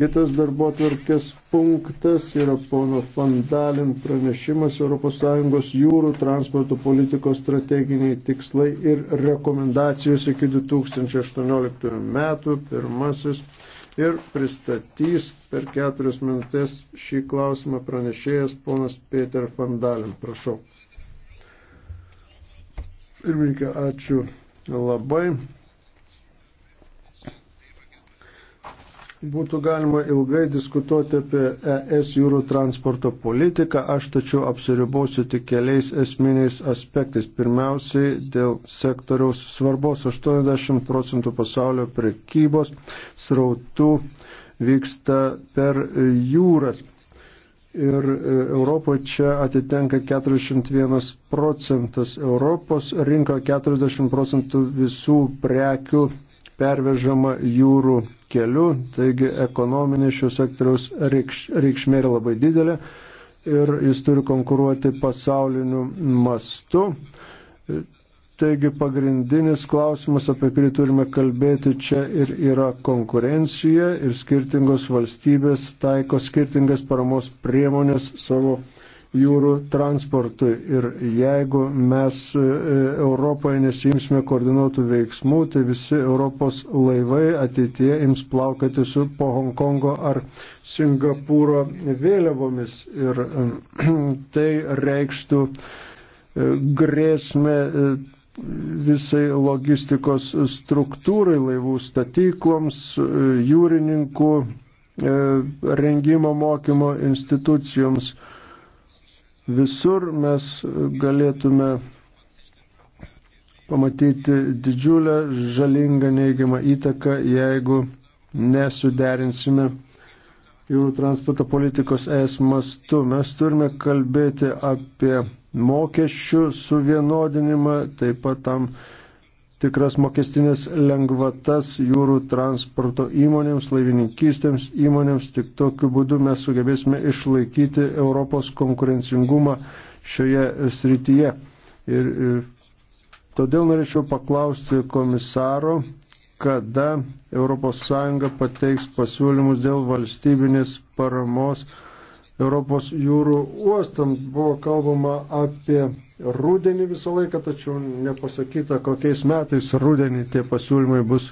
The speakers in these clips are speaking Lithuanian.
Kitas darbo tvarkės punktas yra pono Fandalin pranešimas ES jūrų transporto politikos strateginiai tikslai ir rekomendacijos iki 2018 metų pirmasis ir pristatys per keturias minutės šį klausimą pranešėjas ponas Peter Fandalin. Prašau. Pirmininkė, ačiū labai. Būtų galima ilgai diskutuoti apie ES jūrų transporto politiką, aš tačiau apsiribosiu tik keliais esminiais aspektais. Pirmiausiai, dėl sektoriaus svarbos 80 procentų pasaulio prekybos srautų vyksta per jūras. Ir e, Europoje čia atitenka 41 procentas, Europos rinko 40 procentų visų prekių pervežama jūrų keliu, taigi ekonominė šio sektoriaus reikš, reikšmė yra labai didelė ir jis turi konkuruoti pasauliniu mastu. Taigi pagrindinis klausimas, apie kurį turime kalbėti čia ir yra konkurencija ir skirtingos valstybės taiko skirtingas paramos priemonės savo jūrų transportui. Ir jeigu mes e, Europoje nesimsime koordinuotų veiksmų, tai visi Europos laivai ateitie ims plaukati su po Hongkongo ar Singapūro vėliavomis. Ir e, tai reikštų e, grėsmę visai logistikos struktūrai, laivų statykloms, jūrininkų rengimo mokymo institucijoms. Visur mes galėtume pamatyti didžiulę žalingą neigiamą įtaką, jeigu nesuderinsime jūrų transporto politikos es mastu. Mes turime kalbėti apie mokesčių suvienodinimą, taip pat tam tikras mokestinės lengvatas jūrų transporto įmonėms, laivininkystėms įmonėms. Tik tokiu būdu mes sugebėsime išlaikyti Europos konkurencingumą šioje srityje. Ir, ir e, todėl norėčiau paklausti komisaro, kada ES pateiks pasiūlymus dėl valstybinės paramos Europos jūrų uostam. Buvo kalbama apie rudenį visą laiką, tačiau nepasakyta, kokiais metais rudenį tie pasiūlymai bus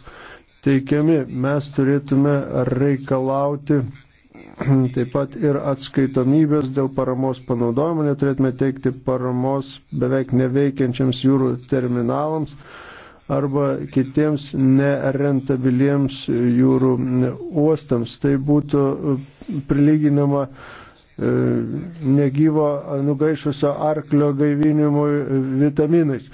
teikiami. Mes turėtume reikalauti taip pat ir atskaitomybės dėl paramos panaudojimo, neturėtume teikti paramos beveik neveikiančiams jūrų terminalams arba kitiems nerentabiliems jūrų uostams. Tai būtų prilyginama E, negyvo nugaišusio arklio gaivinimui vitaminais.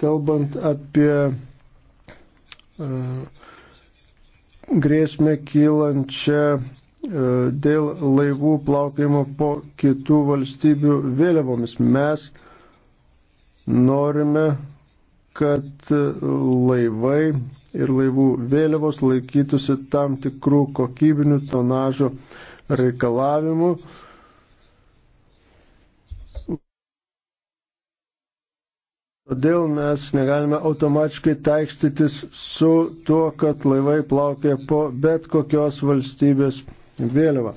Kalbant apie e, grėsmę kylančią e, dėl laivų plaukimo po kitų valstybių vėliavomis. Mes norime, kad laivai ir laivų vėliavos laikytųsi tam tikrų kokybinių tonažo reikalavimų. Todėl mes negalime automatiškai taikstytis su tuo, kad laivai plaukia po bet kokios valstybės vėliava.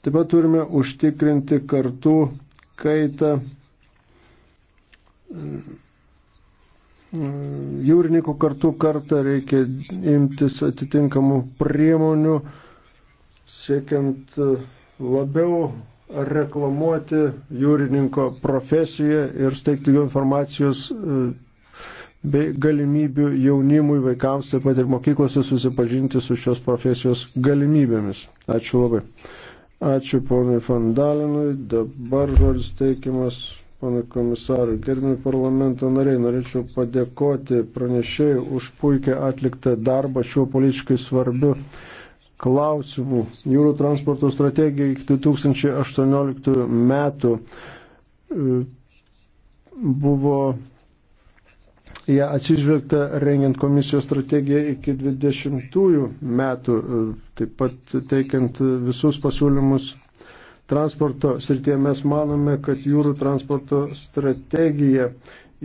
Taip pat turime užtikrinti kartų kaitą jūrininkų kartų kartą reikia imtis atitinkamų priemonių, siekiant e, labiau reklamuoti jūrininko profesiją ir steigti jų informacijos e, bei galimybių jaunimui, vaikams taip pat ir mokyklose susipažinti su šios profesijos galimybėmis. Ačiū labai. Ačiū ponui Fandalinui. Dabar žodis teikimas pana komisarui. Gerbimi parlamento nariai, norėčiau padėkoti pranešėjai už puikiai atliktą darbą šiuo politiškai svarbiu klausimu. Jūrų transporto strategija iki 2018 metų e, buvo ją ja, atsižvelgta rengiant komisijos strategiją iki 20 metų, e, taip pat teikiant visus pasiūlymus transporto srityje mes manome, kad jūrų transporto strategija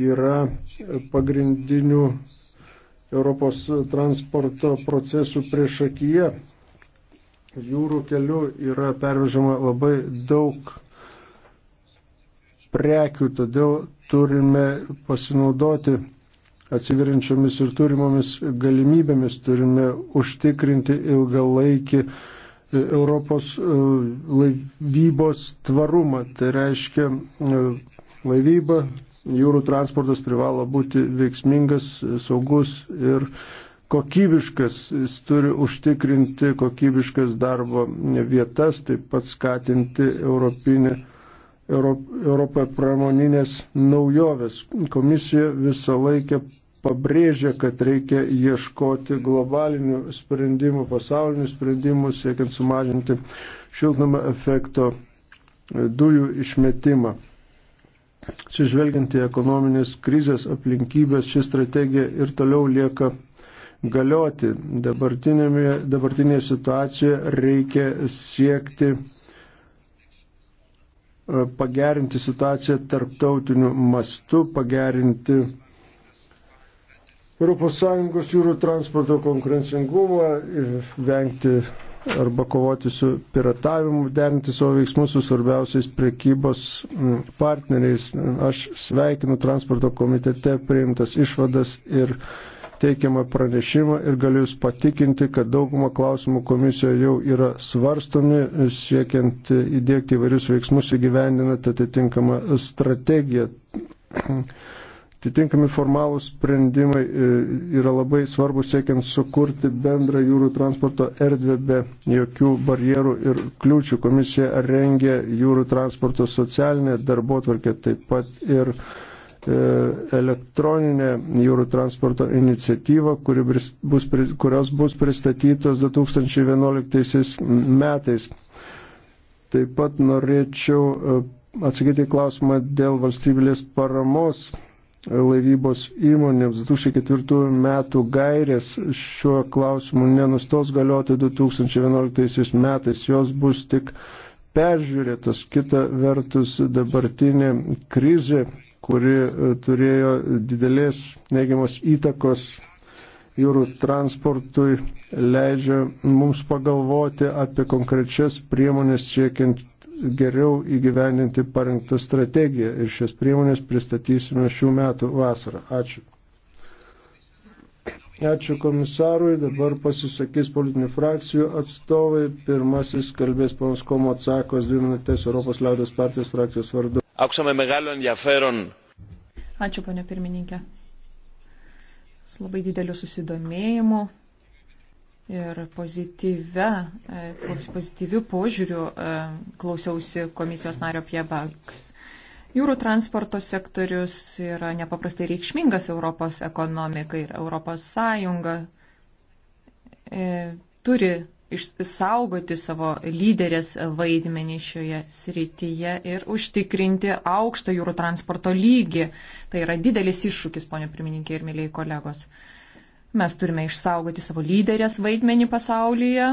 yra pagrindinių Europos transporto procesų priešakyje. Jūrų keliu yra pervežama labai daug prekių, todėl turime pasinaudoti atsiverinčiomis ir turimomis galimybėmis, turime užtikrinti ilgalaikį Europos e, laivybos tvarumą. Tai reiškia, e, laivyba, jūrų transportas privalo būti veiksmingas, saugus ir kokybiškas, jis turi užtikrinti kokybiškas darbo vietas, taip pat skatinti europinį. Europoje pramoninės naujovės. Komisija visą laikę pabrėžia, kad reikia ieškoti globalinių sprendimų, pasaulinių sprendimų, siekiant sumažinti šiltnamą efekto dujų išmetimą. Sižvelgiant į ekonominės krizės aplinkybės, ši strategija ir toliau lieka galioti. Dabartinėje, dabartinėje situacijoje reikia siekti e, pagerinti situaciją tarptautiniu mastu, pagerinti ES jūrų transporto konkurencingumą, vengti arba kovoti su piratavimu, derinti savo veiksmus su svarbiausiais prekybos mm, partneriais. Aš sveikinu transporto komitete priimtas išvadas ir teikiamą pranešimą ir galiu Jūs patikinti, kad daugumą klausimų komisijoje jau yra svarstomi, siekiant įdėkti įvairius veiksmus įgyvendinant atitinkamą strategiją. Atitinkami formalūs sprendimai e, yra labai svarbus siekiant sukurti bendrą jūrų transporto erdvę be jokių barjerų ir kliūčių. Komisija rengia jūrų transporto socialinę darbo tvarkę, taip pat ir e, elektroninė jūrų transporto iniciatyva, kuri bus, kurios bus pristatytos 2011 metais. Taip pat norėčiau e, atsakyti klausimą dėl valstybės paramos laivybos įmonėms 2004 metų gairės šiuo klausimu nenustos galioti 2011 metais, jos bus tik peržiūrėtas. Kita vertus dabartinė krizė, kuri e, turėjo didelės neigiamos įtakos jūrų transportui, leidžia mums pagalvoti apie konkrečias priemonės siekiant geriau įgyveninti parengtą strategiją ir šias priemonės pristatysime šių metų vasarą. Ačiū. Ačiū komisarui, dabar pasisakys politinių frakcijų atstovai. Pirmasis kalbės ponas Komo atsakos dvi minutės Europos liaudės partijos frakcijos vardu. Ačiū, ponė pirmininkė. Su labai dideliu susidomėjimu ir e, pozityviu požiūriu e, klausiausi komisijos nario Piebalks. Jūrų transporto sektorius yra nepaprastai reikšmingas Europos ekonomikai ir Europos Sąjunga e, turi išsaugoti savo lyderės vaidmenį šioje srityje ir užtikrinti aukštą jūrų transporto lygį. Tai yra didelis iššūkis, ponė pirmininkė ir mėlyje kolegos. E, Mes turime išsaugoti savo lyderės vaidmenį pasaulyje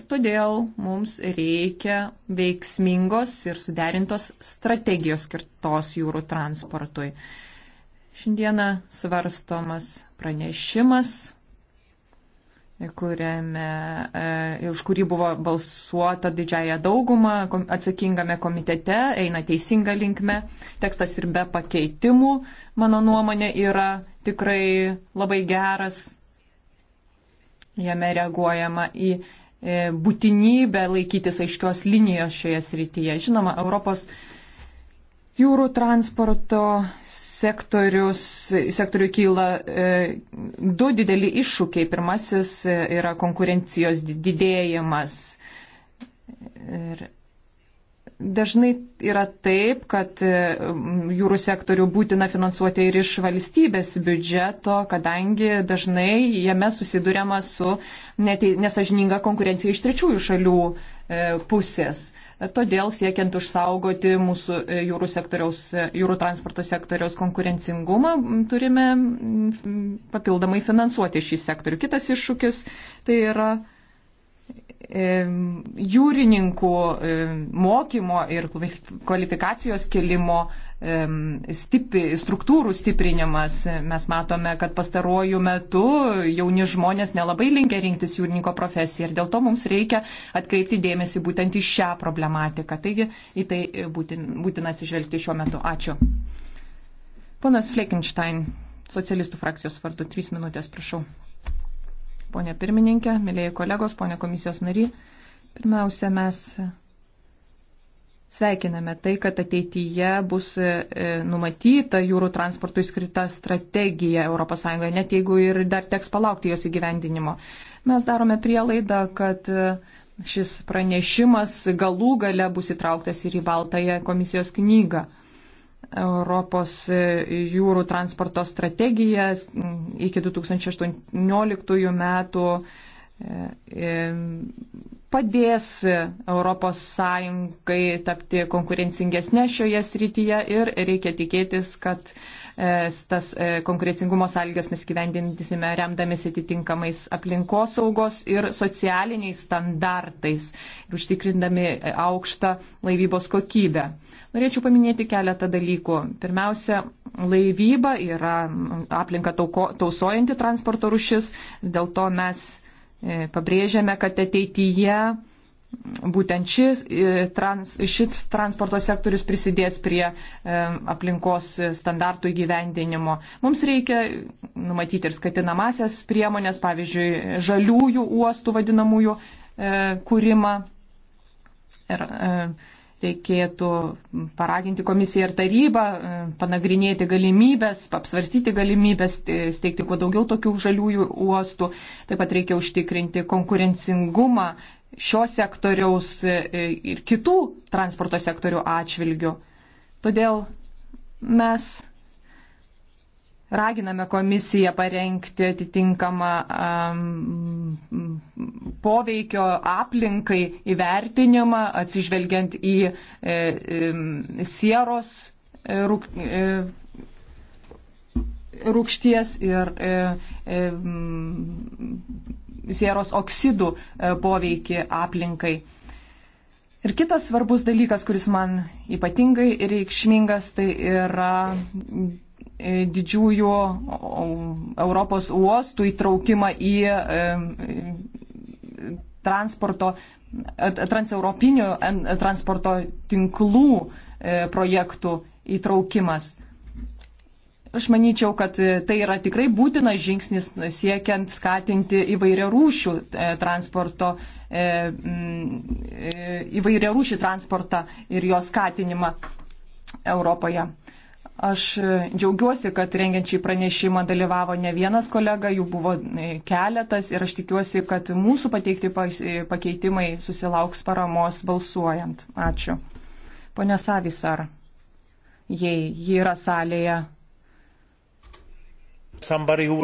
ir todėl mums reikia veiksmingos ir suderintos strategijos skirtos jūrų transportui. Šiandieną svarstomas pranešimas, kuriame, e, už kurį buvo balsuota didžiaja dauguma kom, atsakingame komitete, eina teisinga linkme. Tekstas ir be pakeitimų, mano nuomonė, yra tikrai labai geras. Jame reaguojama į e, būtinybę laikytis aiškios linijos šioje srityje. Žinoma, Europos jūrų transporto sektoriui kyla e, du dideli iššūkiai. Pirmasis e, yra konkurencijos didėjimas. Ir Dažnai yra taip, kad e, jūrų sektorių būtina finansuoti ir iš valstybės biudžeto, kadangi dažnai jame susidurėma su nesažininga konkurencija iš trečiųjų šalių e, pusės. Todėl siekiant užsaugoti mūsų e, jūrų, jūrų transporto sektoriaus konkurencingumą, turime papildomai finansuoti šį sektorių. Kitas iššūkis tai yra jūrininkų mokymo ir kvalifikacijos kelimo stipri, struktūrų stiprinimas. Mes matome, kad pastaruoju metu jauni žmonės nelabai linkia rinktis jūrininko profesiją ir dėl to mums reikia atkreipti dėmesį būtent į šią problematiką. Taigi į tai būtin, būtina atsižvelgti šiuo metu. Ačiū. Ponas Fleckenstein, socialistų frakcijos vardu, trys minutės, prašau ponė pirmininkė, mėlyje kolegos, ponė komisijos nary. Pirmiausia, mes sveikiname tai, kad ateityje bus e, numatyta jūrų transportui skirta strategija ES, net jeigu ir dar teks palaukti jos įgyvendinimo. Mes darome prielaidą, kad e, šis pranešimas galų gale bus įtrauktas ir į Baltąją komisijos knygą. Europos jūrų transporto strategija iki 2018 metų e, padės ES tapti konkurencingesnė šioje srityje ir reikia tikėtis, kad e, tas e, konkurencingumo sąlygas mes gyvendintisime remdamėsi atitinkamais aplinkosaugos ir socialiniais standartais ir užtikrindami aukštą laivybos kokybę. Norėčiau paminėti keletą dalykų. Pirmiausia, laivyba yra aplinka tauko, tausojanti transporto rušis, dėl to mes e, pabrėžiame, kad ateityje būtent šis, e, trans, šis transporto sektorius prisidės prie e, aplinkos standartų įgyvendinimo. Mums reikia numatyti ir skatinamasias priemonės, pavyzdžiui, žaliųjų uostų vadinamųjų kūrimą. Ir, e, reikėtų paraginti komisiją ir tarybą, e, panagrinėti galimybės, apsvarstyti galimybės, steigti kuo daugiau tokių žaliųjų uostų. Taip pat reikia užtikrinti konkurencingumą šio sektoriaus e, e, ir kitų transporto sektorių atžvilgių. Todėl mes raginame komisiją parengti atitinkamą um, poveikio aplinkai įvertinimą, atsižvelgiant į e, e, sieros e, rūk, e, rūkšties ir e, e, sieros oksidų e, poveikį aplinkai. Ir kitas svarbus dalykas, kuris man ypatingai reikšmingas, tai yra E, didžiųjų Europos uostų įtraukimą į e, transporto, e, transeuropinių transporto tinklų projektų įtraukimas. Aš manyčiau, kad tai yra tikrai būtinas žingsnis siekiant skatinti įvairia rūšių transporto, įvairia rūšių transportą ir jo skatinimą Europoje. Aš džiaugiuosi, kad rengiant šį pranešimą dalyvavo ne vienas kolega, jų buvo e, keletas ir aš tikiuosi, kad mūsų pateikti e, pakeitimai susilauks paramos balsuojant. Ačiū. Pone Savisar, jei ji yra salėje.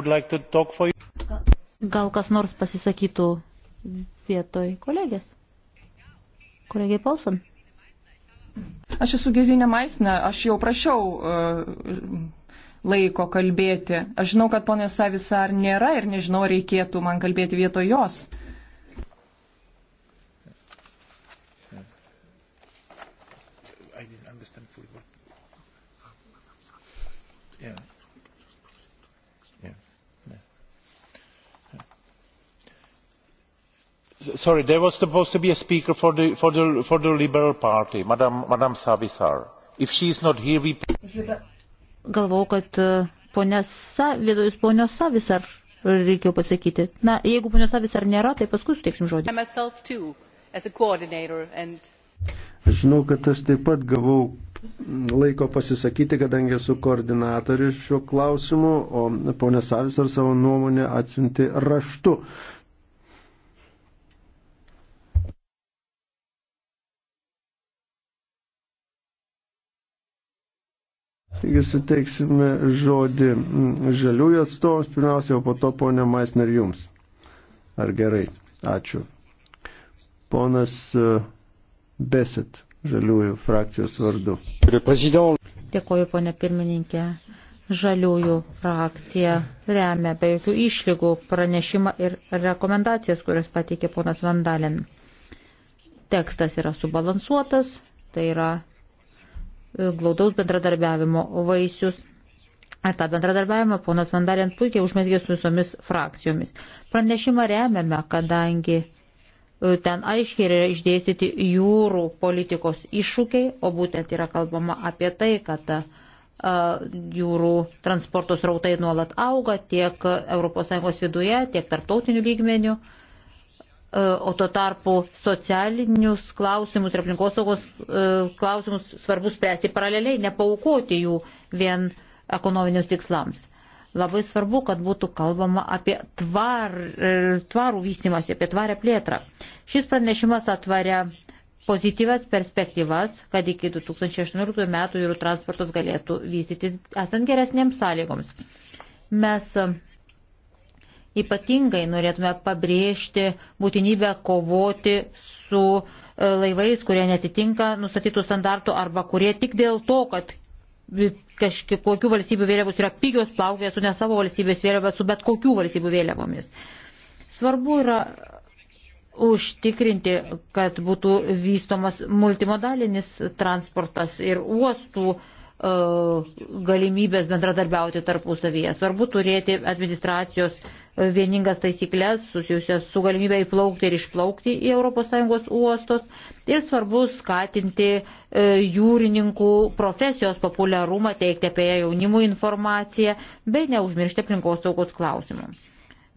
Like Gal kas nors pasisakytų vietoj kolegės? Kolegiai Paulson? Aš esu Gezinė Maisne, aš jau prašiau uh, laiko kalbėti. Aš žinau, kad ponė Savisar nėra ir nežinau, reikėtų man kalbėti vietoj jos. Uh, sorry there was supposed to be a speaker for the for the for the liberal party madam madam savisar if she is not here we galvau kad e, ponia savidus ponia savisar reikėjo pasakyti na jeigu ponia savisar nėra tai paskui suteiksim žodį Aš žinau, kad aš taip pat gavau laiko pasisakyti, kadangi esu koordinatorius šiuo klausimu, o ponė Savis ar savo nuomonę atsiunti raštu. Taigi suteiksime žodį mm, žaliųjų atstovams pirmiausia, o po to ponė Maisner jums. Ar gerai? Ačiū. Ponas e, Beset, žaliųjų frakcijos vardu. Dėkoju, ponė pirmininkė. Žaliųjų frakcija remia be jokių išlygų pranešimą ir rekomendacijas, kurias pateikė ponas Vandalin. Tekstas yra subalansuotas, tai yra glaudaus bendradarbiavimo vaisius. Ir tą bendradarbiavimą ponas Vandariant puikiai užmesgė su visomis frakcijomis. Pranešimą remiame, kadangi e, ten aiškiai yra išdėstyti jūrų politikos iššūkiai, o būtent yra kalbama apie tai, kad e, jūrų transporto srautai nuolat auga tiek ES viduje, tiek tarptautiniu lygmeniu. E, o tuo tarpu socialinius klausimus ir aplinkosaugos e, klausimus svarbu spręsti paraleliai, nepaukoti jų vien ekonominius tikslams. Labai svarbu, kad būtų kalbama apie tvar, e, tvarų vystimąsi, apie tvarę plėtrą. Šis pranešimas atvaria pozityvas perspektyvas, kad iki 2018 metų jūrų transportas galėtų vystytis esant geresnėms sąlygoms. Mes Ypatingai norėtume pabrėžti būtinybę kovoti su e, laivais, kurie netitinka nustatytų standartų arba kurie tik dėl to, kad kažkokių valstybių vėliavos yra pigios plaukė su ne savo valstybės vėliava, bet su bet kokių valstybių vėliavomis. Svarbu yra užtikrinti, kad būtų vystomas multimodalinis transportas ir uostų e, galimybės bendradarbiauti tarpusavyje. Svarbu turėti administracijos vieningas taisyklės susijusias su galimybė įplaukti ir išplaukti į ES uostos ir svarbu skatinti e, jūrininkų profesijos populiarumą, teikti apie ją jaunimų informaciją bei neužmiršti aplinkos saugos klausimų.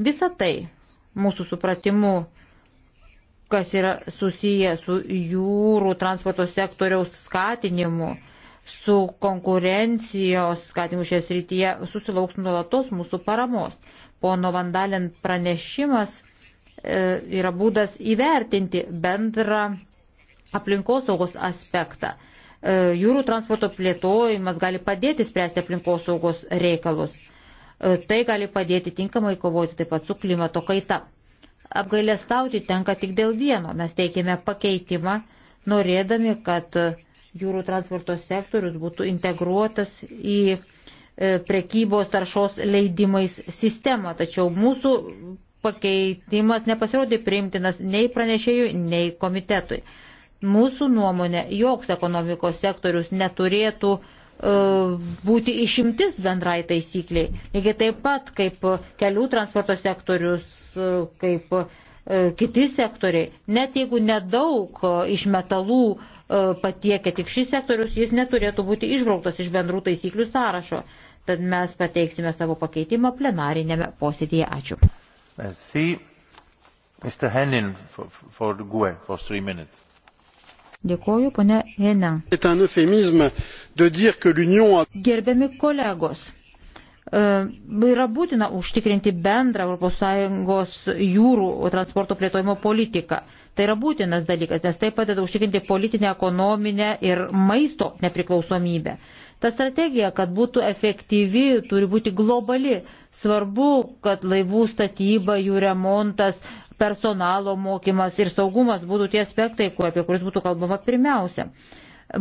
Visa tai mūsų supratimu kas yra susiję su jūrų transporto sektoriaus skatinimu, su konkurencijos skatinimu šioje srityje, susilauks nuolatos mūsų paramos. Pono Vandalin pranešimas e, yra būdas įvertinti bendrą aplinkosaugos aspektą. E, jūrų transporto plėtojimas gali padėti spręsti aplinkosaugos reikalus. E, tai gali padėti tinkamai kovoti taip pat su klimato kaita. Apgailestauti tenka tik dėl vieno. Mes teikėme pakeitimą, norėdami, kad jūrų transporto sektorius būtų integruotas į E, prekybos taršos leidimais sistemą, tačiau mūsų pakeitimas nepasirodė priimtinas nei pranešėjui, nei komitetui. Mūsų nuomonė, joks ekonomikos sektorius neturėtų e, būti išimtis bendrai taisykliai. Lygiai taip pat kaip kelių transporto sektorius, e, kaip kiti sektoriai. Net jeigu nedaug iš metalų patiekia tik šis sektorius, jis neturėtų būti išbrauktas iš bendrų taisyklių sąrašo. Tad mes pateiksime savo pakeitimą plenarinėme posėdėje. Ačiū. Merci. Mr. Henin for, for GUE e, for three minutes. Dėkoju, ponė Henin. Gerbiami kolegos, e, yra būtina užtikrinti bendrą ES jūrų transporto plėtojimo politiką. Tai yra būtinas dalykas, nes tai padeda užtikrinti politinę, ekonominę ir maisto nepriklausomybę. Ta strategija, kad būtų efektyvi, turi būti globali. Svarbu, kad laivų statyba, jų remontas, personalo mokymas ir saugumas būtų tie aspektai, apie kuris būtų kalbama pirmiausia.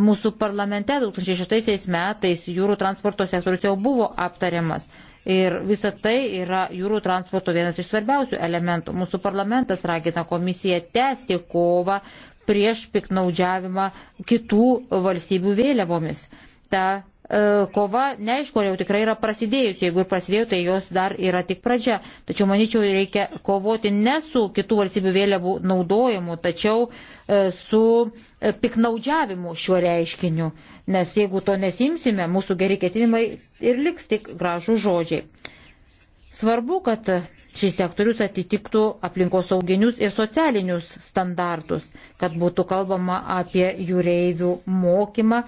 Mūsų parlamente 2006 metais jūrų transporto sektorius jau buvo aptariamas. Ir visa tai yra jūrų transporto vienas iš svarbiausių elementų. Mūsų parlamentas ragina komisiją tęsti kovą prieš piknaudžiavimą kitų valstybių vėliavomis. Ta E, kova, neaišku, jau tikrai yra prasidėjusi, jeigu ir prasidėjo, tai jos dar yra tik pradžia. Tačiau, manyčiau, reikia kovoti ne su kitų valstybių vėliavų naudojimu, tačiau e, su e, piknaudžiavimu šiuo reiškiniu, nes jeigu to nesimsime, mūsų geri ketinimai ir liks tik gražų žodžiai. Svarbu, kad šis sektorius atitiktų aplinkosauginius ir socialinius standartus, kad būtų kalbama apie jūreivių mokymą,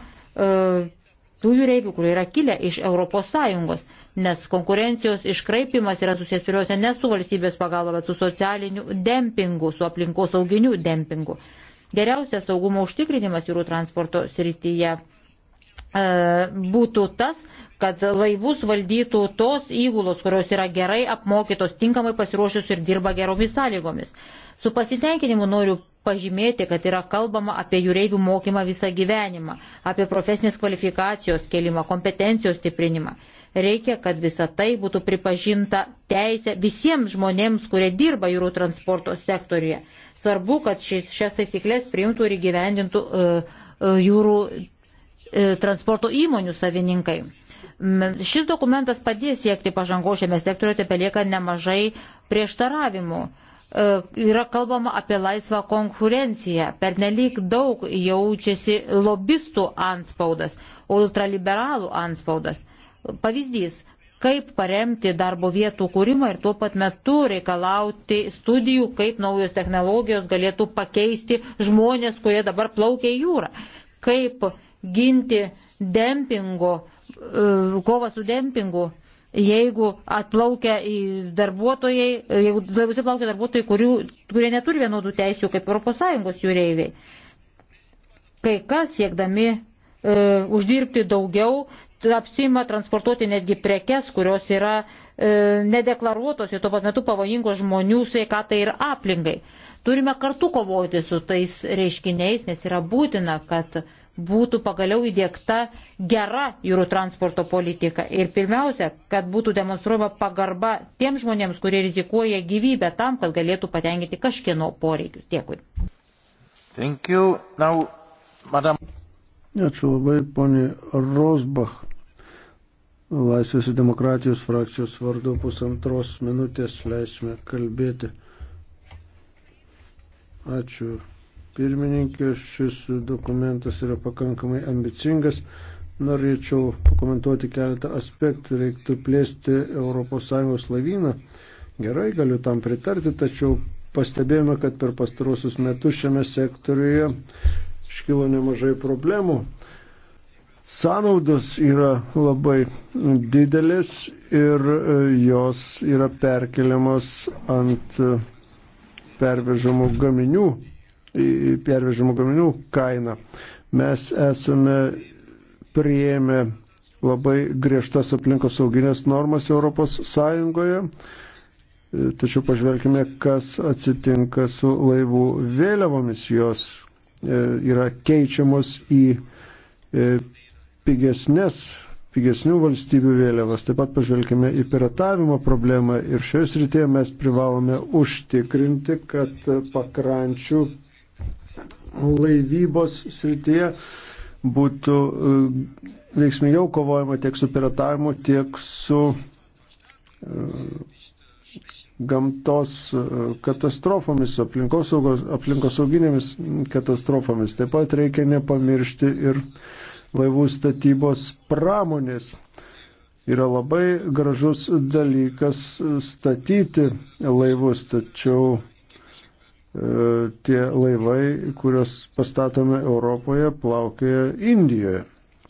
tų jūreivių, kurie yra kilę iš ES, nes konkurencijos iškraipimas yra susijęs pirmiausia ne su valstybės pagalba, bet su socialiniu dempingu, su aplinkos sauginiu dempingu. Geriausias saugumo užtikrinimas jūrų transporto srityje e, būtų tas, kad laivus valdytų tos įgulos, kurios yra gerai apmokytos, tinkamai pasiruošusios ir dirba geromis sąlygomis. Su pasitenkinimu noriu pažymėti, kad yra kalbama apie jūreivių mokymą visą gyvenimą, apie profesinės kvalifikacijos kelimą, kompetencijos stiprinimą. Reikia, kad visa tai būtų pripažinta teisė visiems žmonėms, kurie dirba jūrų transporto sektoriuje. Svarbu, kad šis, šias taisyklės priimtų ir įgyvendintų uh, jūrų uh, transporto įmonių savininkai. Šis dokumentas padės siekti pažangos šiame sektoriuje, tai belieka nemažai prieštaravimų. Uh, E, yra kalbama apie laisvą konkurenciją. Per nelik daug jaučiasi lobistų anspaudas, ultraliberalų anspaudas. Pavyzdys, kaip paremti darbo vietų kūrimą ir tuo pat metu reikalauti studijų, kaip naujos technologijos galėtų pakeisti žmonės, kurie dabar plaukia į jūrą. Kaip ginti dempingo, e, kovą su dempingu jeigu atplaukia į darbuotojai, jeigu laivus įplaukia darbuotojai, kurių, kurie neturi vienodų teisių kaip ES jūreiviai. Kai kas siekdami e, uždirbti daugiau, apsima transportuoti netgi prekes, kurios yra e, nedeklaruotos ir tuo pat metu pavojingos žmonių sveikatai ir aplinkai. Turime kartu kovoti su tais reiškiniais, nes yra būtina, kad būtų pagaliau įdėkta gera jūrų transporto politika. Ir pirmiausia, kad būtų demonstruojama pagarba tiem žmonėms, kurie rizikuoja gyvybę tam, kad galėtų patenkinti kažkieno poreikius. Dėkui. Now, madam... Ačiū labai, ponė Rosbach. Laisvės ir demokratijos frakcijos vardu pusantros minutės leisime kalbėti. Ačiū pirmininkė. Šis dokumentas yra pakankamai ambicingas. Norėčiau pakomentuoti keletą aspektų. Reiktų plėsti ES laivyną. Gerai, galiu tam pritarti, tačiau pastebėjome, kad per pastarosius metus šiame sektoriuje iškilo nemažai problemų. Sąnaudos yra labai didelės ir e, jos yra perkeliamos ant pervežamų gaminių pervežimų gaminių kainą. Mes esame prieėmę labai griežtas aplinkos sauginės normas Europos Sąjungoje, tačiau pažvelkime, kas atsitinka su laivų vėliavomis, jos e, yra keičiamos į e, pigesnės pigesnių valstybių vėliavas. Taip pat pažvelkime į piratavimo problemą ir šioje srityje mes privalome užtikrinti, kad pakrančių laivybos srityje būtų e, veiksmingiau kovojama tiek su piratavimu, tiek su e, gamtos e, katastrofomis, aplinkosauginėmis katastrofomis. Taip pat reikia nepamiršti ir laivų statybos pramonės. Yra labai gražus dalykas statyti laivus, tačiau tie laivai, kuriuos pastatome Europoje, plaukioja Indijoje.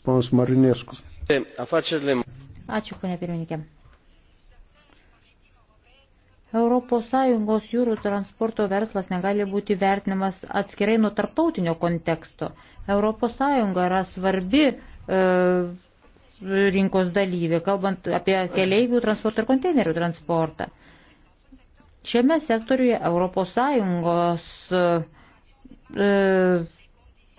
Ponas Marinėskus. Ačiū, ponia pirmininkė. ES jūrų transporto verslas negali būti vertinamas atskirai nuo tarptautinio konteksto. ES yra svarbi e, rinkos dalyvė, kalbant apie keleivių transportą ir konteinerių transportą. E, Šiame sektoriuje ES e,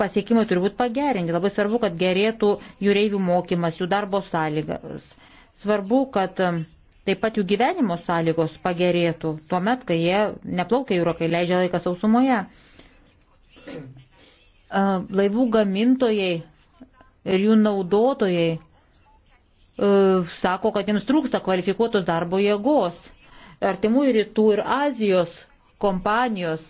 pasiekimai turi būti pagerinti. Labai svarbu, kad gerėtų jūreivių mokymas, jų darbo sąlygas. Svarbu, kad e, taip pat jų gyvenimo sąlygos pagerėtų tuo met, kai jie neplaukia jūro, kai leidžia laiką sausumoje. E, laivų gamintojai ir jų naudotojai sako, kad jiems trūksta kvalifikuotos darbo jėgos artimųjų rytų ir Azijos kompanijos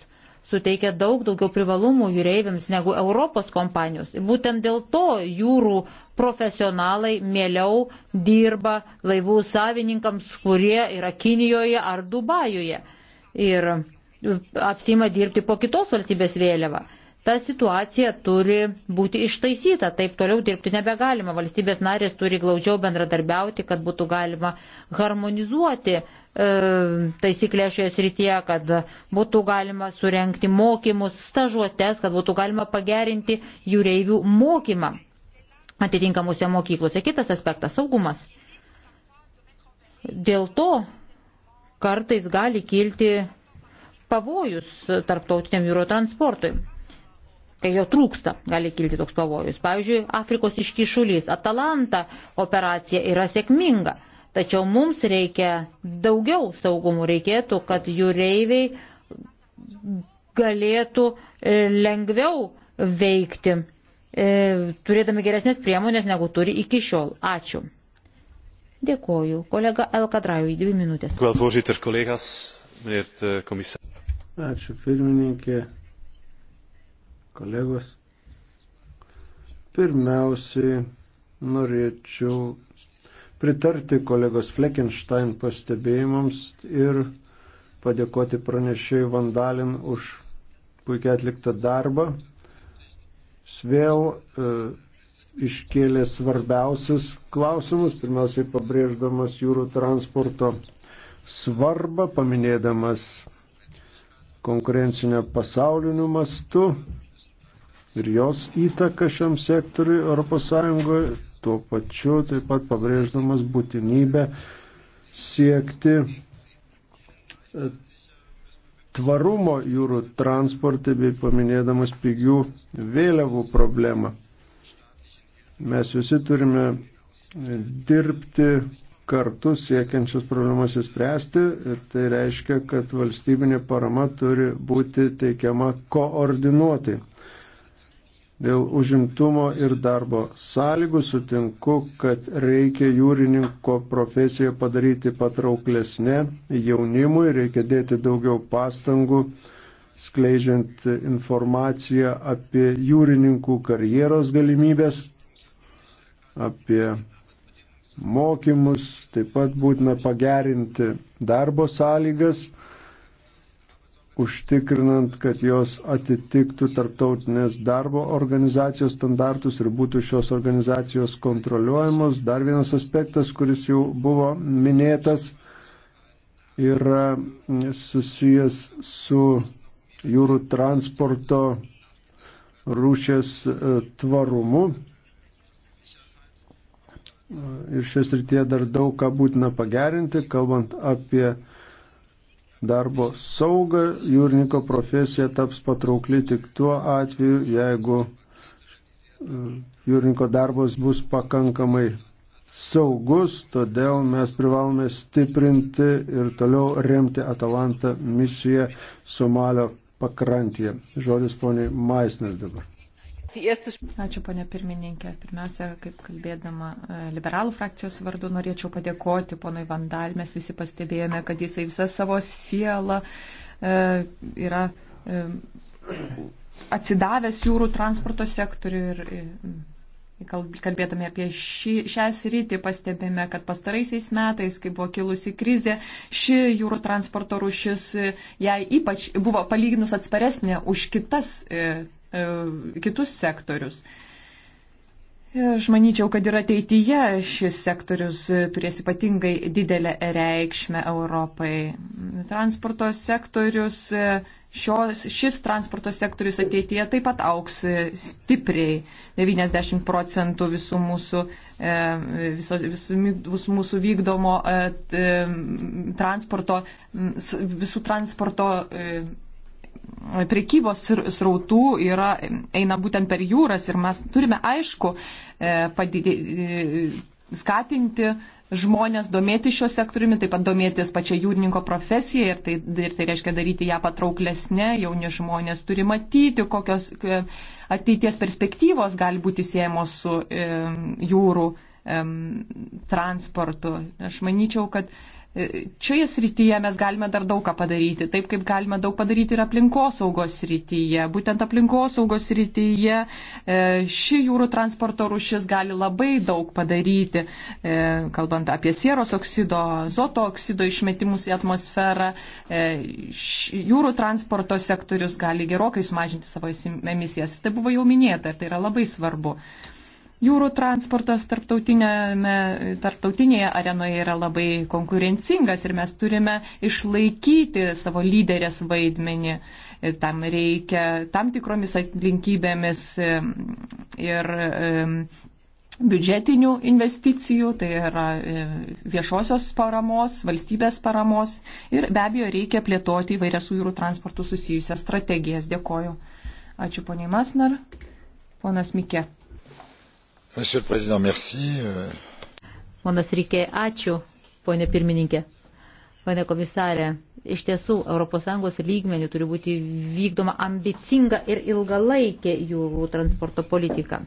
suteikia daug daugiau privalumų jūreiviams negu Europos kompanijos. Būtent dėl to jūrų profesionalai mieliau dirba laivų savininkams, kurie yra Kinijoje ar Dubajuje ir apsima dirbti po kitos valstybės vėliavą. Ta situacija turi būti ištaisyta, taip toliau dirbti nebegalima. Valstybės narės turi glaudžiau bendradarbiauti, kad būtų galima harmonizuoti E, taisyklė šioje srityje, kad būtų galima surenkti mokymus, stažuotės, kad būtų galima pagerinti jūreivių mokymą atitinkamuose mokyklose. Kitas aspektas - saugumas. Dėl to kartais gali kilti pavojus tarptautiniam jūro transportui. Kai jo trūksta, gali kilti toks pavojus. Pavyzdžiui, Afrikos iškišulys Atalanta operacija yra sėkminga Tačiau mums reikia daugiau saugumų, reikėtų, kad jūreiviai galėtų e, lengviau veikti, e, turėdami geresnės priemonės, negu turi iki šiol. Ačiū. Dėkoju. Kolega Elkadrajui, dvi minutės. Eh, Ačiū, pirmininkė, kolegos. Pirmiausiai norėčiau pritarti kolegos Fleckenstein pastebėjimams ir padėkoti pranešėjai Vandalin už puikiai atliktą darbą. Jis vėl e, iškėlė svarbiausius klausimus, pirmiausiai pabrėždamas jūrų transporto svarbą, paminėdamas konkurencinę pasauliniu mastu ir jos įtaką šiam sektoriui ES tuo pačiu taip pat pabrėždamas būtinybę siekti e, tvarumo jūrų transporte bei paminėdamas pigių vėliavų problemą. Mes visi turime e, dirbti kartu siekiančias problemas įspręsti ir tai reiškia, kad valstybinė parama turi būti teikiama koordinuotai. Dėl užimtumo ir darbo sąlygų sutinku, kad reikia jūrininko profesiją padaryti patrauklesnė jaunimui, reikia dėti daugiau pastangų, skleidžiant informaciją apie jūrininkų karjeros galimybės, apie mokymus, taip pat būtina pagerinti darbo sąlygas užtikrinant, kad jos atitiktų tarptautinės darbo organizacijos standartus ir būtų šios organizacijos kontroliuojamos. Dar vienas aspektas, kuris jau buvo minėtas, yra susijęs su jūrų transporto rūšės e, tvarumu. Ir šios rytie dar daug ką būtina pagerinti, kalbant apie darbo saugą. Jūrininko profesija taps patraukli tik tuo atveju, jeigu e, jūrininko darbas bus pakankamai saugus, todėl mes privalome stiprinti ir toliau remti Atalantą misiją Somalio pakrantėje. Žodis poniai Maisner dabar. Ačiū, ponė pirmininkė. Pirmiausia, kaip kalbėdama e, liberalų frakcijos vardu, norėčiau padėkoti ponui Vandal. Mes visi pastebėjome, kad jisai visą savo sielą e, yra e, atsidavęs jūrų transporto sektoriu ir e, kalbėdami apie šį, šią sritį pastebėme, kad pastaraisiais metais, kai buvo kilusi krizė, ši jūrų transporto rušis e, jai ypač buvo palyginus atsparesnė už kitas e, E, kitus sektorius. Aš manyčiau, kad ir ateityje šis sektorius e, turės ypatingai didelę reikšmę Europai. Transporto sektorius, e, šios, šis transporto sektorius ateityje taip pat auks stipriai. 90 procentų visų mūsų, viso, visų, visų mūsų vykdomo transporto, visų transporto prekybos srautų yra, eina būtent per jūras ir mes turime aišku e, padidė, e, skatinti žmonės domėti šio sektoriumi, taip pat domėtis pačia jūrininko profesija ir tai, ir tai reiškia daryti ją patrauklesnė, jauni žmonės turi matyti, kokios e, ateities perspektyvos gali būti siejamos su e, jūrų e, transportu. Aš manyčiau, kad e, Čioje e, srityje mes galime dar daug ką padaryti, taip kaip galime daug padaryti ir aplinkosaugos srityje. Būtent aplinkosaugos srityje e, ši jūrų transporto rušis gali labai daug padaryti, e, kalbant apie sieros oksido, azoto oksido išmetimus į atmosferą. Jūrų transporto sektorius gali gerokai sumažinti savo emisijas. Tai buvo jau minėta ir tai yra labai svarbu. Jūrų transportas tarptautinėje arenoje yra labai konkurencingas ir mes turime išlaikyti savo lyderės vaidmenį. Tam reikia tam tikromis aplinkybėmis ir biudžetinių investicijų, tai yra e, viešosios paramos, valstybės paramos ir be abejo reikia plėtoti įvairias su jūrų transportu susijusias strategijas. Dėkoju. Ačiū poniai Masnar, ponas Mikė. Monsieur le Président, merci. Euh. Ponas Rykė, ačiū, ponė pirmininkė. Pane komisarė, iš tiesų ES lygmenių turi būti vykdoma ambicinga ir ilgalaikė jūrų transporto politika.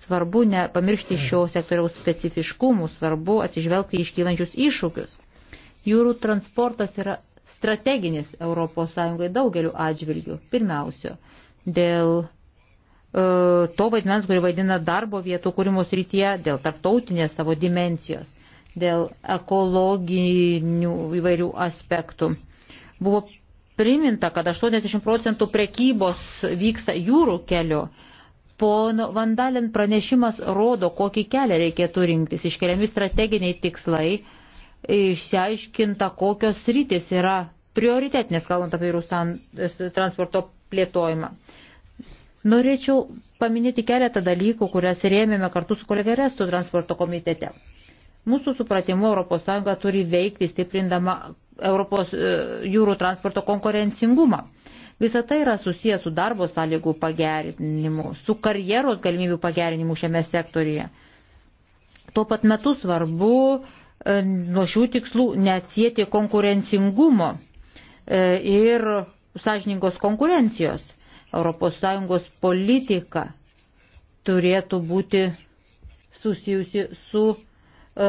Svarbu nepamiršti šio sektoriaus specifiškumų, svarbu atsižvelgti iškylančius iššūkius. Jūrų transportas yra strateginis ES daugeliu atžvilgių. Pirmiausia, dėl E, to vaidmens, kurį vaidina darbo vietų kūrimo srityje, dėl tarptautinės savo dimensijos, dėl ekologinių įvairių aspektų. Buvo priminta, kad 80 procentų prekybos vyksta jūrų keliu. Pono Vandalin pranešimas rodo, kokį kelią reikėtų rinktis. Iškeliami strateginiai tikslai, išsiaiškinta, kokios rytis yra prioritetinės, kalbant apie jūrų transporto plėtojimą. Norėčiau paminėti keletą dalykų, kurias rėmėme kartu su kolega Restų transporto komitete. Mūsų supratimu, ES turi veikti stiprindama Europos e, jūrų transporto konkurencingumą. Visą tai yra susijęs su darbo sąlygų pagerinimu, su karjeros galimybių pagerinimu šiame sektoriuje. Tuo pat metu svarbu e, nuo šių tikslų neatsėti konkurencingumo e, ir sąžiningos konkurencijos. ES politika turėtų būti susijusi su e,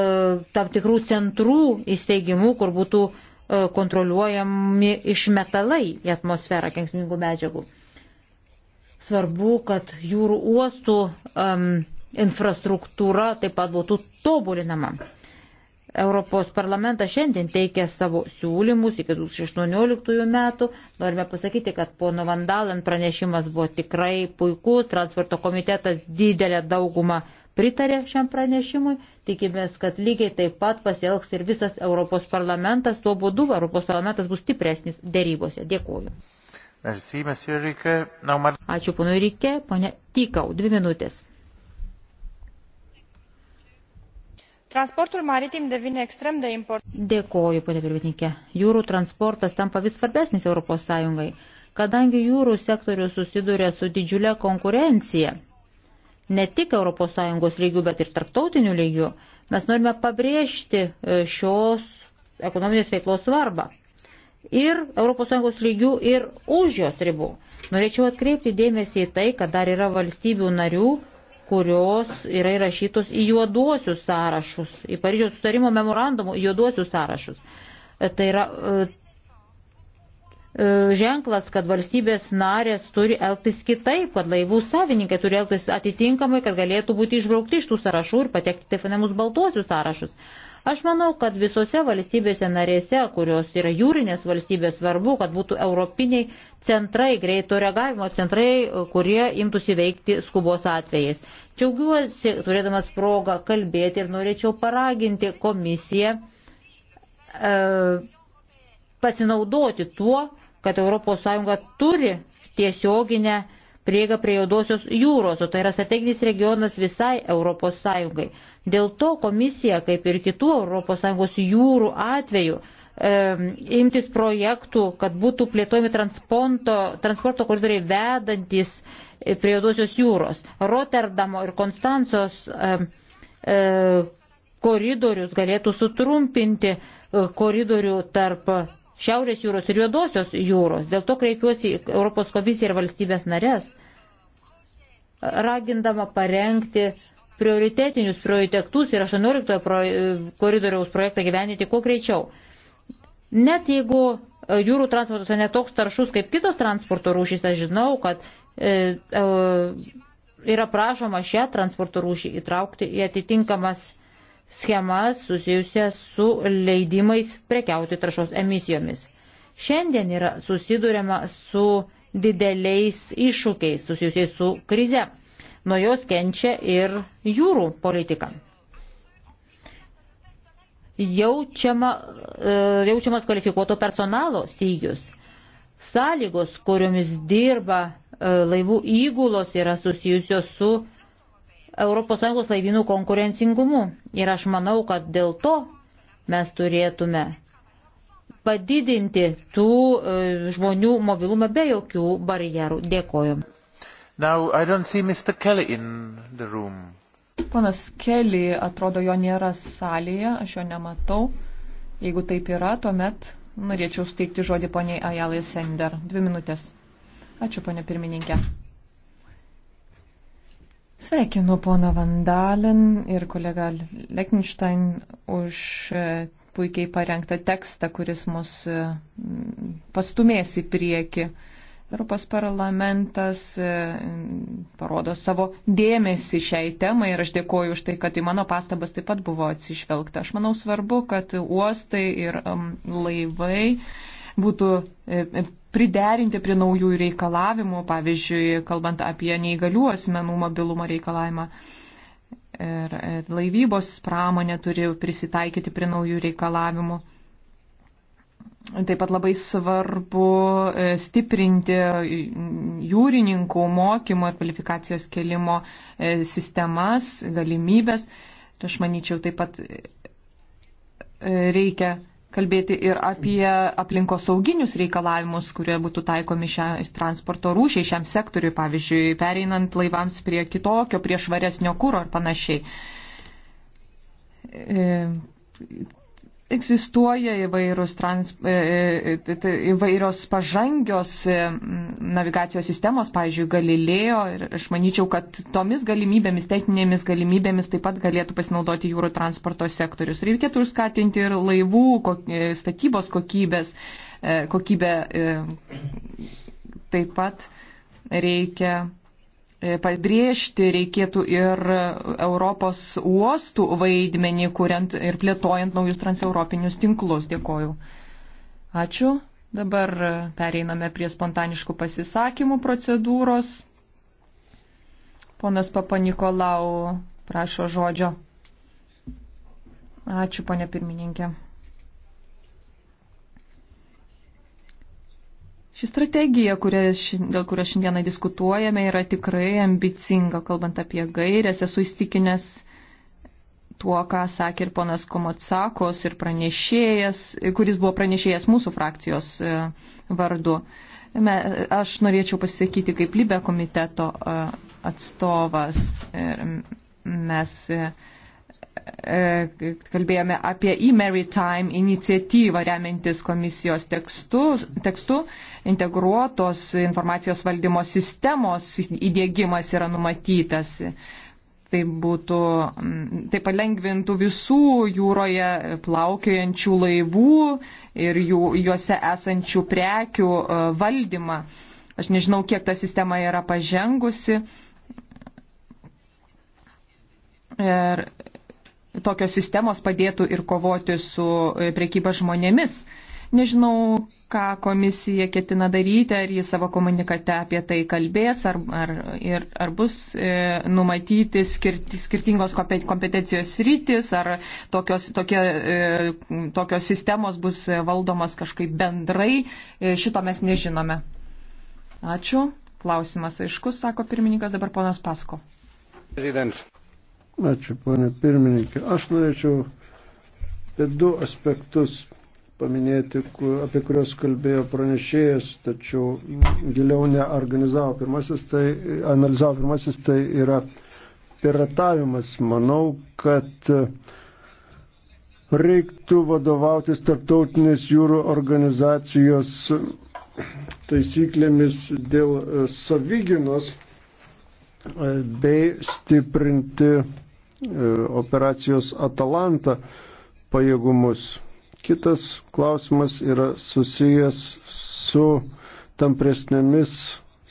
tam tikrų centrų įsteigimu, kur būtų e, kontroliuojami išmetalai į atmosferą kenksmingų medžiagų. Svarbu, kad jūrų uostų um, e, infrastruktūra taip pat būtų tobulinama. Europos parlamentas šiandien teikia savo siūlymus iki 2018 metų. Norime pasakyti, kad pono Vandalent pranešimas buvo tikrai puikus, transporto komitetas didelę daugumą pritarė šiam pranešimui. Tikimės, kad lygiai taip pat pasielgs ir visas Europos parlamentas. Tuo būdu Europos parlamentas bus stipresnis dėrybose. Dėkuoju. Ačiū ponui Rike, ponia Tikau, dvi minutės. Transportul maritim devine ekstrem de important. Dėkoju, ponė pirmininkė. Jūrų transportas tampa vis svarbesnis ES, kadangi jūrų sektorius susiduria su didžiulė konkurencija. Ne tik ES lygių, bet ir tarptautinių lygių. Mes norime pabrėžti e, šios ekonominės veiklos svarbą. Ir ES lygių, ir už jos ribų. Norėčiau atkreipti dėmesį į tai, kad dar yra valstybių narių, kurios yra įrašytos į juoduosius sąrašus, į Paryžiaus sutarimo memorandumų juoduosius sąrašus. E, tai yra e, e, ženklas, kad valstybės narės turi elgtis kitaip, kad laivų savininkai turi elgtis atitinkamai, kad galėtų būti išbraukti iš tų sąrašų ir patekti taip vadinamus baltuosius sąrašus. Aš manau, kad visose valstybėse narėse, kurios yra jūrinės valstybės, svarbu, kad būtų europiniai centrai, greito reagavimo centrai, kurie imtųsi veikti skubos atvejais. Džiaugiuosi, turėdamas progą kalbėti ir norėčiau paraginti komisiją e, pasinaudoti tuo, kad ES turi tiesioginę prieiga prie Jaudosios jūros, o tai yra strateginis regionas visai ES. Dėl to komisija, kaip ir kitų ES jūrų atveju, e, imtis projektų, kad būtų plėtojami transporto koridoriai vedantis e, prie Jaudosios jūros. Rotterdamo ir Konstancijos e, e, koridorius galėtų sutrumpinti e, koridorių tarp Šiaurės jūros ir Juodosios jūros. Dėl to kreipiuosi Europos komisiją ir valstybės narės, ragindama parengti prioritetinius prioritetus ir 18 pro, koridoriaus projektą gyveninti kuo greičiau. Net jeigu e, jūrų transportas yra netoks taršus kaip kitos transporto rūšys, aš žinau, kad e, e, yra prašoma šią transporto rūšį įtraukti į atitinkamas schemas susijusias su leidimais prekiauti taršos emisijomis. Šiandien yra susidurima su dideliais iššūkiais susijusiais su krize. Nuo jos kenčia ir jūrų politika. Jaučiama, e, jaučiamas kvalifikuoto personalo stygius. Sąlygos, kuriomis dirba e, laivų įgulos, yra susijusios su ES laivynų konkurencingumu. Ir aš manau, kad dėl to mes turėtume padidinti tų e, žmonių mobilumą be jokių barjerų. Dėkoju. Ponas Kelly, atrodo, jo nėra salėje, aš jo nematau. Jeigu taip yra, tuomet norėčiau steikti žodį poniai Ajalai Sender. Dvi minutės. Ačiū, ponė pirmininkė. Sveikinu poną Vandalin ir kolegą Lekinštain už e, puikiai parengtą tekstą, kuris mus e, pastumės į priekį. Europos parlamentas e, parodo savo dėmesį šiai temai ir aš dėkoju už tai, kad į mano pastabas taip pat buvo atsižvelgta. Aš manau svarbu, kad uostai ir laivai būtų e, priderinti prie naujų reikalavimų, pavyzdžiui, kalbant apie neįgalių asmenų mobilumo reikalavimą ir e, laivybos pramonė turi prisitaikyti prie naujų reikalavimų. Taip pat labai svarbu e, stiprinti jūrininkų mokymo ir kvalifikacijos kelimo e, sistemas, galimybės. Ir aš manyčiau, taip pat reikia kalbėti ir apie aplinkosauginius reikalavimus, kurie būtų taikomi šiai transporto rūšiai, šiam sektoriui, pavyzdžiui, pereinant laivams prie kitokio, prie švaresnio kūro ir panašiai. E, egzistuoja įvairūs trans, e, e, e, įvairios pažangios navigacijos sistemos, pavyzdžiui, Galilėjo ir aš manyčiau, kad tomis galimybėmis, techninėmis galimybėmis taip pat galėtų pasinaudoti jūrų transporto sektorius. Reikėtų skatinti ir laivų statybos kokybės, kokybę taip pat reikia E, pabrėžti reikėtų ir Europos uostų vaidmenį, kuriant ir plėtojant naujus transeuropinius tinklus. Dėkoju. Ačiū. Dabar pereiname prie spontaniškų pasisakymų procedūros. Ponas Papanikolau prašo žodžio. Ačiū, ponė pirmininkė. Ši strategija, kuria ši, dėl kurios šiandieną diskutuojame, yra tikrai ambicinga, kalbant apie gairės. Esu įstikinęs tuo, ką sakė ir ponas Komotsakos, ir pranešėjas, kuris buvo pranešėjas mūsų frakcijos e, vardu. Aš norėčiau pasisakyti kaip Libė komiteto e, atstovas. Ir mes e, E, kalbėjome apie e-maritime iniciatyvą remiantis komisijos tekstu, tekstu, integruotos informacijos valdymo sistemos įdėgymas yra numatytas. Tai, būtų, mm, tai palengvintų visų jūroje plaukiojančių laivų ir jų, juose esančių prekių e, valdymą. Aš nežinau, kiek ta sistema yra pažengusi. Ir tokios sistemos padėtų ir kovoti su e, priekyba žmonėmis. Nežinau, ką komisija ketina daryti, ar jis savo komunikate apie tai kalbės, ar, ar, ir, ar bus e, numatyti skirti, skirtingos kompetencijos rytis, ar tokios, tokie, e, tokios sistemos bus valdomas kažkaip bendrai. E, šito mes nežinome. Ačiū. Klausimas aiškus, sako pirmininkas, dabar ponas Pasko. President. Ačiū, ponė pirmininkė. Aš norėčiau du aspektus paminėti, apie kuriuos kalbėjo pranešėjas, tačiau giliau neorganizavo. Pirmasis tai, analizavo pirmasis tai yra piratavimas. Manau, kad reiktų vadovautis tarptautinės jūrų organizacijos taisyklėmis dėl savyginos e, bei stiprinti E, operacijos Atalanta pajėgumus. Kitas klausimas yra susijęs su tampresnėmis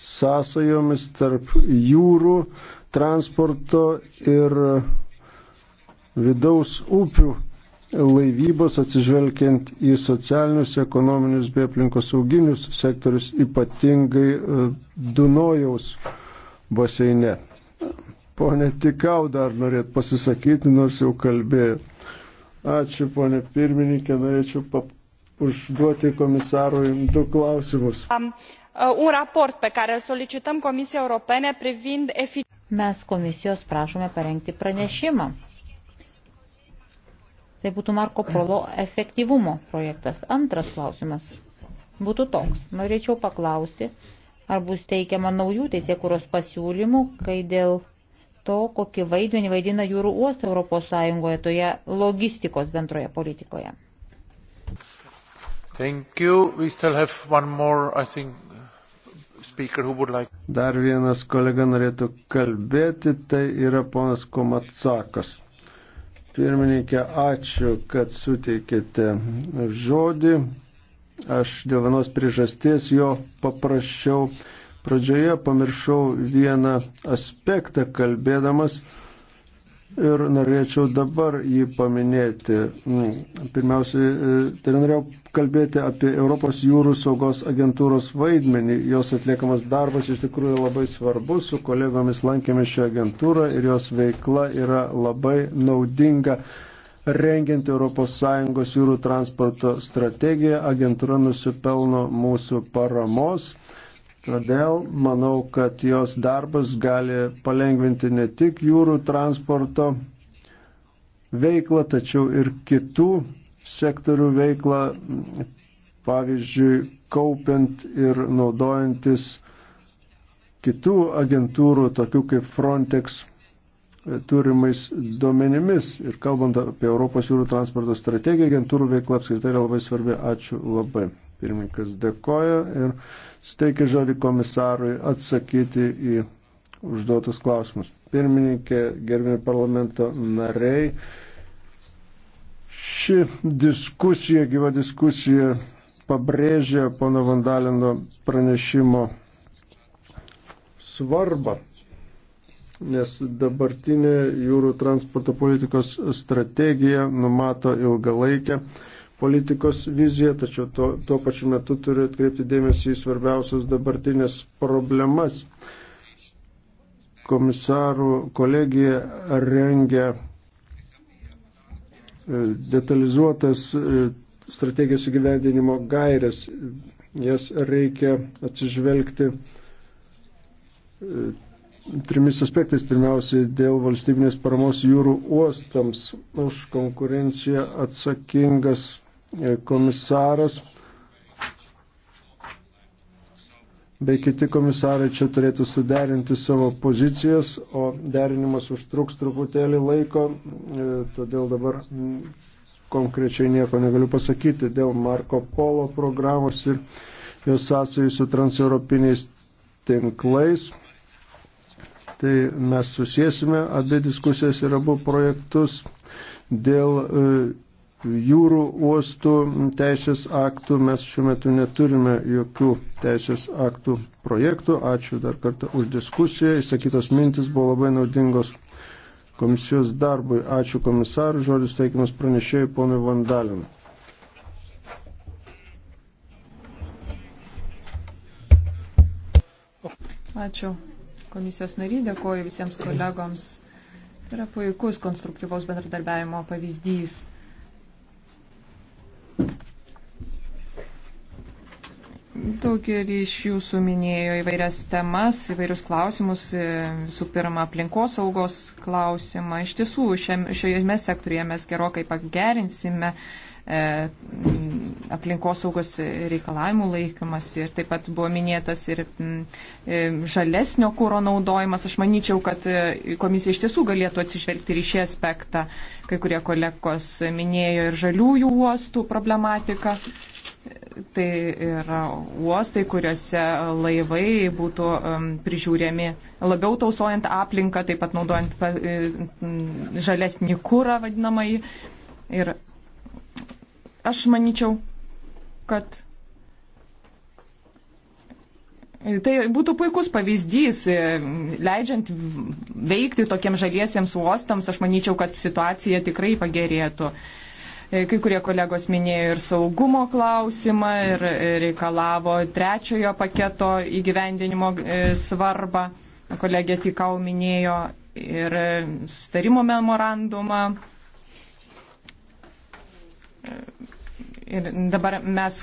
sąsajomis tarp jūrų, transporto ir vidaus upių laivybos atsižvelgiant į socialinius, ekonominius bei aplinkosauginius sektorius, ypatingai e, Dunojaus baseine. Pone Tikau dar norėt pasisakyti, nors jau kalbėjau. Ačiū, ponė pirmininkė, norėčiau pap... užduoti komisarui du klausimus. Um, un raport pe care îl solicităm Comisiei Europene privind eficacitatea. Mes komisijos prašome parengti pranešimą. Tai būtų Marko Prolo efektyvumo projektas. Antras klausimas būtų toks. Norėčiau paklausti, ar bus teikiama naujų teisėkuros pasiūlymų, kai dėl to, kokį vaidmenį vaidina jūrų uostą Europos Sąjungoje toje logistikos bendroje politikoje. More, think, like... Dar vienas kolega norėtų kalbėti, tai yra ponas Komatsakas. Pirmininkė, ačiū, kad suteikėte žodį. Aš dėl vienos priežasties jo paprašiau pradžioje pamiršau vieną aspektą kalbėdamas ir norėčiau dabar jį paminėti. Mm, pirmiausiai, e, tai norėjau kalbėti apie Europos jūrų saugos agentūros vaidmenį. Jos atliekamas darbas iš tikrųjų labai svarbus, su kolegomis lankėmės šią agentūrą ir jos veikla yra labai naudinga. Rengiant ES jūrų transporto strategiją, agentūra nusipelno mūsų paramos Todėl manau, kad jos darbas gali palengvinti ne tik jūrų transporto veiklą, tačiau ir kitų sektorių veiklą, pavyzdžiui, kaupiant ir naudojantis kitų agentūrų, tokių kaip Frontex, turimais duomenimis. Ir kalbant apie Europos jūrų transporto strategiją, agentūrų veikla apskritai yra labai svarbi. Ačiū labai. Pirmininkas dėkoja ir steikia žodį komisarui atsakyti į užduotus klausimus. Pirmininkė, gerbimi parlamento nariai, ši diskusija, gyva diskusija pabrėžė pono Vandalino pranešimo svarbą, nes dabartinė jūrų transporto politikos strategija numato ilgalaikę politikos viziją, tačiau tuo, tuo pačiu metu turiu atkreipti dėmesį į svarbiausias dabartinės problemas. Komisarų kolegija rengia e, detalizuotas e, strategijos įgyvendinimo gairias. Jas reikia atsižvelgti e, trimis aspektais. Pirmiausiai dėl valstybinės paramos jūrų uostams už konkurenciją atsakingas E, komisaras bei kiti komisarai čia turėtų suderinti savo pozicijas, o derinimas užtruks truputėlį laiko, e, todėl dabar konkrečiai nieko negaliu pasakyti dėl Marko Polo programos ir jos sąsajų su transeuropiniais tinklais. Tai mes susėsime abi diskusijas ir abu projektus dėl e, jūrų uostų teisės aktų. Mes šiuo metu neturime jokių teisės aktų projektų. Ačiū dar kartą už diskusiją. Įsakytos mintis buvo labai naudingos komisijos darbui. Ačiū komisarui. Žodis teikimas pranešėjai ponui Vandalinui. Ačiū komisijos nariai, dėkoju visiems kolegoms. Yra puikus konstruktyvaus bendradarbiavimo pavyzdys. Daugelį iš jūsų minėjo įvairias temas, įvairius klausimus, e, visų pirma, aplinkos saugos klausimą. Iš tiesų, šiame, šioje sektoriuje mes gerokai pagerinsime e, aplinkosaugos reikalavimų laikymas ir taip pat buvo minėtas ir e, žalesnio kūro naudojimas. Aš manyčiau, kad komisija iš tiesų galėtų atsižvelgti ir į šį aspektą. Kai kurie kolegos minėjo ir žaliųjų uostų problematiką. Tai yra uostai, kuriuose laivai būtų prižiūrėmi labiau tausojant aplinką, taip pat naudojant e, žalesnį kūrą vadinamai. Ir aš manyčiau, kad Tai būtų puikus pavyzdys, e, leidžiant veikti tokiems žaliesiems uostams, aš manyčiau, kad situacija tikrai pagerėtų. Uh, E, kai kurie kolegos minėjo ir saugumo klausimą, ir e, reikalavo trečiojo paketo įgyvendinimo e, svarbą. Kolegė Tikau minėjo ir sustarimo memorandumą. Ir dabar mes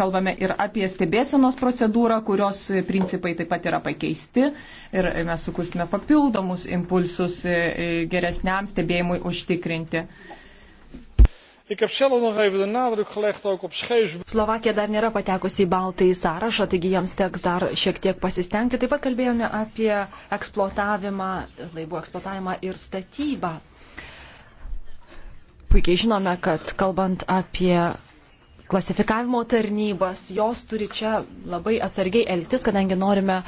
kalbame ir apie stebėsenos procedūrą, kurios principai taip pat yra pakeisti ir mes sukursime papildomus impulsus geresniam stebėjimui užtikrinti. Slovakija dar nėra patekusi į baltąjį sąrašą, taigi jiems teks dar šiek tiek pasistengti. Taip pat kalbėjome apie eksploatavimą, laivų eksploatavimą ir statybą. Puikiai žinome, kad kalbant apie klasifikavimo tarnybas, jos turi čia labai atsargiai elgtis, kadangi norime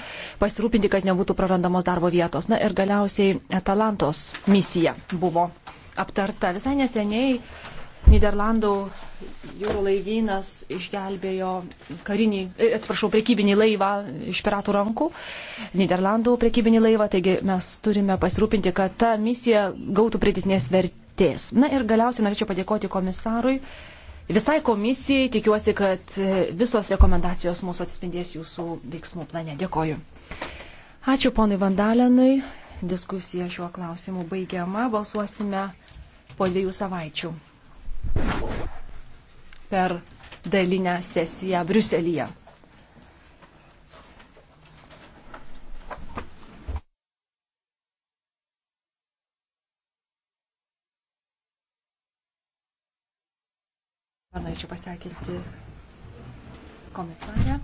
pasirūpinti, kad nebūtų prarandamos darbo vietos. Na ir galiausiai Atalantos misija buvo aptarta. Visai neseniai Niderlandų jūrų laivynas išgelbėjo karinį, e, atsiprašau, prekybinį laivą iš piratų rankų, Niderlandų prekybinį laivą, taigi mes turime pasirūpinti, kad ta misija gautų pridėtinės vertės. Na ir galiausiai norėčiau padėkoti komisarui. Visai komisijai tikiuosi, kad e, visos rekomendacijos mūsų atspindės jūsų veiksmų plane. Dėkoju. Ačiū ponui Vandalenui. Diskusija šiuo klausimu baigiama. Balsuosime po dviejų savaičių per dalinę sesiją Briuselyje. Norėčiau pasakinti komisarę.